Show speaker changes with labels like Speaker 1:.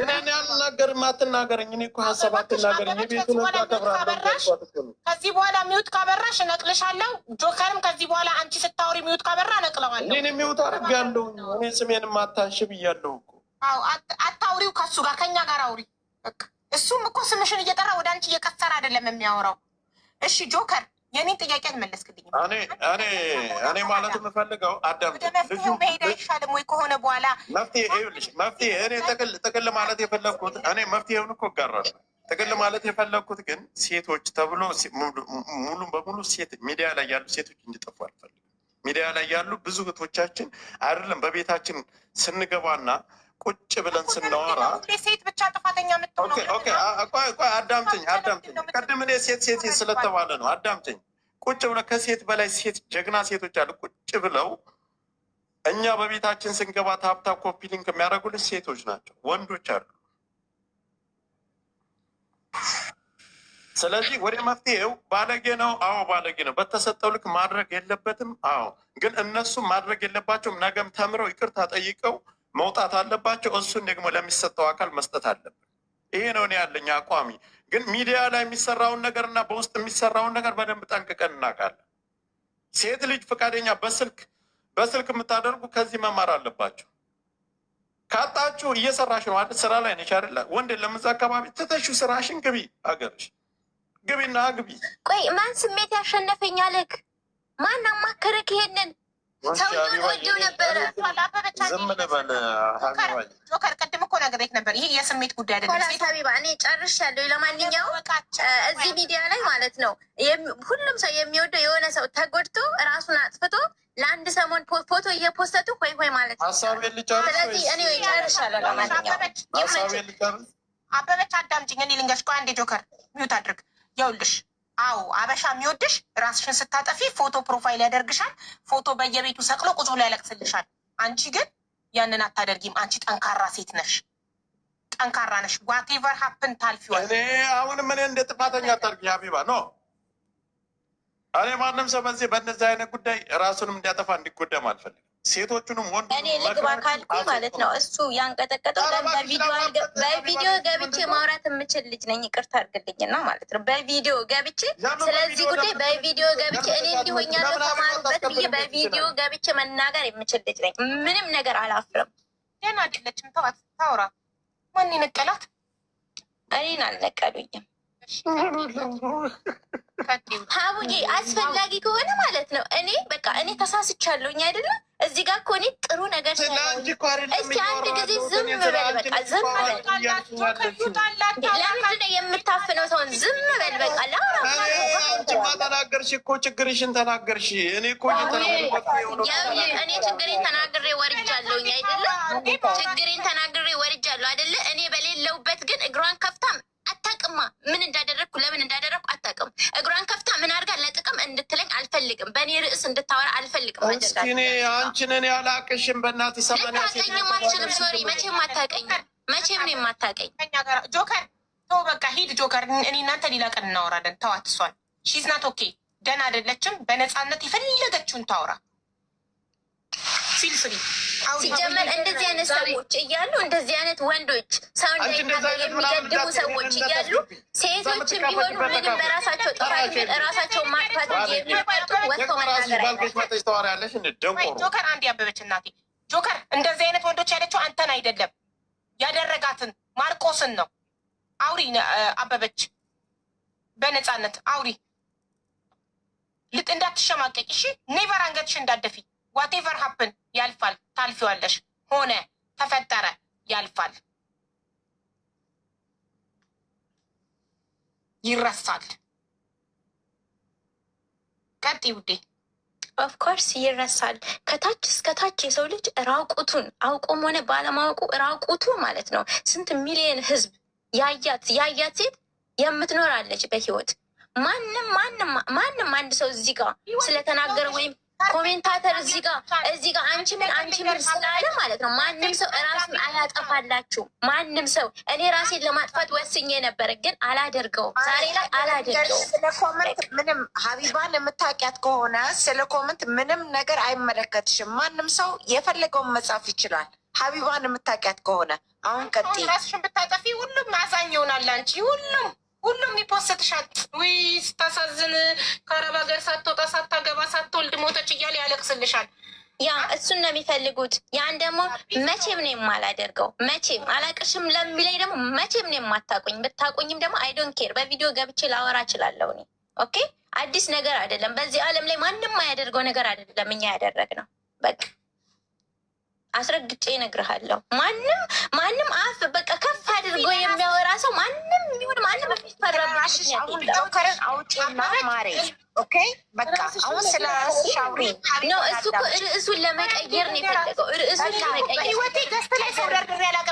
Speaker 1: እኔ አልናገርም። አትናገረኝ። እኔ እኮ ሀሳብ አትናገረኝ።
Speaker 2: ከዚህ በኋላ ሚውት ካበራሽ እነቅልሻለሁ። ጆከርም ከዚህ በኋላ አንቺ ስታወሪ ሚውት ካበራ እነቅለዋለሁ። እኔን የሚውት አድርጌያለሁ።
Speaker 1: እኔ ስሜንም አታንሽ ብያለሁ እኮ።
Speaker 2: አዎ አታውሪው፣ ከሱ ጋር ጋር አውሪ። እሱም እኮ ስምሽን እየጠራ ወደ አንቺ እየቀሰረ አይደለም የሚያወራው። እሺ ጆከር የኔን ጥያቄ አልመለስክልኝም።
Speaker 1: እኔ እኔ እኔ ማለት የምፈልገው አዳምጪ፣ መፍትሄ መሄድ
Speaker 2: አይሻልም ወይ? ከሆነ በኋላ
Speaker 1: መፍትሄ ይኸውልሽ፣ መፍትሄ እኔ ጥቅል ጥቅል ማለት የፈለግኩት እኔ መፍትሄውን እኮ እጋራለሁ። ጥቅል ማለት የፈለግኩት ግን ሴቶች ተብሎ ሙሉ በሙሉ ሴት ሚዲያ ላይ ያሉ ሴቶች እንዲጠፉ አልፈልግም። ሚዲያ ላይ ያሉ ብዙ እህቶቻችን አይደለም በቤታችን ስንገባና ቁጭ ብለን ስናወራ
Speaker 2: ሴት ብቻ ጥፋተኛ አዳምጥኝ አዳምጥኝ።
Speaker 1: ቅድም እኔ ሴት ሴት ስለተባለ ነው። አዳምጥኝ። ቁጭ ብለ ከሴት በላይ ሴት ጀግና ሴቶች አሉ። ቁጭ ብለው እኛ በቤታችን ስንገባ ታብታ ኮፒ ሊንክ የሚያደርጉልን ሴቶች ናቸው፣ ወንዶች አሉ። ስለዚህ ወደ መፍትሄው ባለጌ ነው። አዎ ባለጌ ነው። በተሰጠው ልክ ማድረግ የለበትም። አዎ ግን እነሱ ማድረግ የለባቸውም። ነገም ተምረው ይቅርታ ጠይቀው መውጣት አለባቸው። እሱን ደግሞ ለሚሰጠው አካል መስጠት አለብን። ይሄ ነው እኔ ያለኝ አቋሚ። ግን ሚዲያ ላይ የሚሰራውን ነገር እና በውስጥ የሚሰራውን ነገር በደንብ ጠንቅቀን እናውቃለን። ሴት ልጅ ፈቃደኛ በስልክ በስልክ የምታደርጉ ከዚህ መማር አለባቸው። ካጣችሁ እየሰራሽ ነው አይደል? ስራ ላይ ነች አይደለ? ወንድ ለምዛ አካባቢ ትተሹ ስራሽን ግቢ፣ አገርሽ ግቢና ግቢ። ቆይ ማን ስሜት ያሸነፈኛልክ? ማን አማከረክ ይሄንን ሰውየውን ወደው ነበረ። ዝም ልበል ጆከር፣
Speaker 3: ቅድም እኮ
Speaker 2: ነግሬህ ነበር፣ ይህ የስሜት ጉዳይ አይደለም።
Speaker 3: ሀቢባ እኔ ጨርሻለሁ። ለማንኛውም እዚህ ሚዲያ ላይ ማለት ነው ሁሉም ሰው የሚወደው የሆነ ሰው ተጎድቶ ራሱን አጥፍቶ ለአንድ ሰሞን ፎቶ እየፖስተቱ ሆይ ሆይ ማለት ነው። ስለዚህ እኔ ጨርሻለሁ። ለማንኛውም
Speaker 2: አበበች አዳምጪኝ፣ እኔ ልንገርሽ። ቆይ አንዴ ጆከር ሚውት አድርግ። ይኸውልሽ አዎ አበሻ የሚወድሽ ራስሽን ስታጠፊ ፎቶ ፕሮፋይል ያደርግሻል። ፎቶ በየቤቱ ሰቅሎ ቁጭ ብሎ ያለቅስልሻል። አንቺ ግን ያንን አታደርጊም። አንቺ ጠንካራ ሴት ነሽ፣ ጠንካራ ነሽ። ዋቴቨር ሀፕን
Speaker 1: ታልፊዋል። አሁንም እኔ እንደ ጥፋተኛ አታድርጊ ሀቢባ ኖ። እኔ ማንም ሰው በዚህ በእነዚህ አይነት ጉዳይ ራሱንም እንዲያጠፋ እንዲጎዳም አልፈልግም። ሴቶቹንም ወንድ እኔ ልግባ ካልኩ ማለት ነው። እሱ
Speaker 3: ያንቀጠቀጠው በቪዲዮ ገብቼ ማውራት የምችል ልጅ ነኝ። ይቅርታ አድርግልኝና ማለት ነው በቪዲዮ ገብቼ ስለዚህ ጉዳይ በቪዲዮ ገብቼ እኔ እንዲሆኛለሁ ተማሩበት ብዬ በቪዲዮ ገብቼ መናገር የምችል ልጅ ነኝ። ምንም ነገር አላፍርም። ደህና አይደለችም። ተዋት ታውራ።
Speaker 2: ማን ይነቀላት? እኔን አልነቀሉኝም።
Speaker 3: ሀቡዬ አስፈላጊ ከሆነ ማለት ነው እኔ በቃ እኔ ተሳስቻለሁኝ አይደለም እዚህ ጋር እኮ እኔ ጥሩ ነገር እስኪ አንድ ጊዜ ዝም በል በቃ ዝም በል። ለምንድን ነው የምታፍነው ሰውን? ዝም በል በቃ።
Speaker 1: አንቺማ ተናገርሽ እኮ ችግርሽን ተናገርሽ። እኔ እኮ እኔ ችግሬን ተናግሬ ወርጃለሁኝ አይደለ?
Speaker 3: ችግሬን ተናግሬ ወርጃለሁ አይደለ? እኔ በሌለውበት ግን እግሯን ከፍታም አታውቅማ ምን እንዳደረግኩ ለምን እንዳደረግኩ አልፈልግም። በእኔ ርዕስ እንድታወራ አልፈልግም። እስኪ
Speaker 1: እኔ አንቺን እኔ አላቅሽም። በእናትህ ልታቀኝም አልችልም። ሶሪ፣ መቼም
Speaker 2: አታቀኝም። መቼም ነው የማታቀኝ። ጆከር ተው፣ በቃ ሂድ ጆከር። እኔ እናንተ ሌላ ቀን እናወራለን። ተዋት፣ እሷን ሺዝ ናት ኦኬ። ደህና አይደለችም። በነፃነት የፈለገችውን ታወራ። ፊል ፍሪ
Speaker 3: ሲጀመር እንደዚህ አይነት ሰዎች እያሉ እንደዚህ አይነት ወንዶች ሰውን የሚገድቡ ሰዎች እያሉ ሴቶች የሚሆኑ ምንም በራሳቸው ጥፋት ራሳቸው ማጥፋት
Speaker 1: የሚመጡ ወጥተው ጆከር
Speaker 2: አንድ ያበበች እናቴ ጆከር እንደዚህ አይነት ወንዶች ያለችው አንተን አይደለም ያደረጋትን ማርቆስን ነው። አውሪ አበበች፣ በነፃነት አውሪ ልጥ እንዳትሸማቀቂ እሺ። ኔቨር አንገትሽ እንዳደፊ ዋቴቨር ሀፕን ያልፋል። ታልፊዋለሽ። ሆነ ተፈጠረ ያልፋል፣ ይረሳል።
Speaker 3: ቀጥ ውዴ ኦፍኮርስ ይረሳል። ከታች እስከ ታች የሰው ልጅ ራቁቱን አውቆም ሆነ ባለማወቁ ራቁቱ ማለት ነው። ስንት ሚሊዮን ህዝብ ያያት ያያት ሴት የምትኖራለች በህይወት ማንም ማንም ማንም አንድ ሰው እዚህ ጋር ስለተናገረ ወይም ኮሜንታተር እዚህ ጋር እዚህ ጋር አንቺ ምን አንቺ ምን ስላለ ማለት ነው። ማንም ሰው እራሱን አያጠፋላችሁ። ማንም ሰው እኔ ራሴን ለማጥፋት ወስኜ ነበረ ግን አላደርገውም። ዛሬ ላይ አላደርገውም። ስለ
Speaker 2: ኮመንት ምንም ሀቢባን የምታውቂያት ከሆነ ስለ ኮመንት ምንም ነገር አይመለከትሽም። ማንም ሰው የፈለገውን መጻፍ ይችላል። ሀቢባን የምታውቂያት ከሆነ አሁን ቀጥ ራስሽን ብታጠፊ ሁሉም አዛኝ ይሆናል። አንቺ ሁሉም ሁሉም ይፖስትሻል። ውይ ስታሳዝን፣ ከአረብ ሀገር ሳትወጣ ሳታገባ ሳትወልድ ሞተች እያለ ያለቅስልሻል። ያ እሱን ነው የሚፈልጉት። ያን ደግሞ
Speaker 3: መቼም ነው የማላደርገው። መቼም አላቅሽም ለሚለኝ ደግሞ መቼም ነው የማታቆኝ። ብታቆኝም ደግሞ አይዶን ኬር በቪዲዮ ገብቼ ላወራ እችላለሁ። እኔ ኦኬ፣ አዲስ ነገር አይደለም። በዚህ ዓለም ላይ ማንም አያደርገው ነገር አይደለም። እኛ ያደረግነው በቃ አስረግጬ እነግርሃለሁ። ማንም ማንም አፍ በቃ ከፍ አድርጎ የሚያወራ ሰው ማንም ይሁን ማንም ራስሽ አሁን ዶክተርን
Speaker 2: አውጪና ማሬ ኦኬ በቃ አሁን ስለ ራስሽ አውሪ ነው። እሱ እኮ ርዕሱን ለመቀየር ነው የፈለገው። ርዕሱን ለመቀየር ህይወቴ ገስት ላይ ሰው ደርድሬ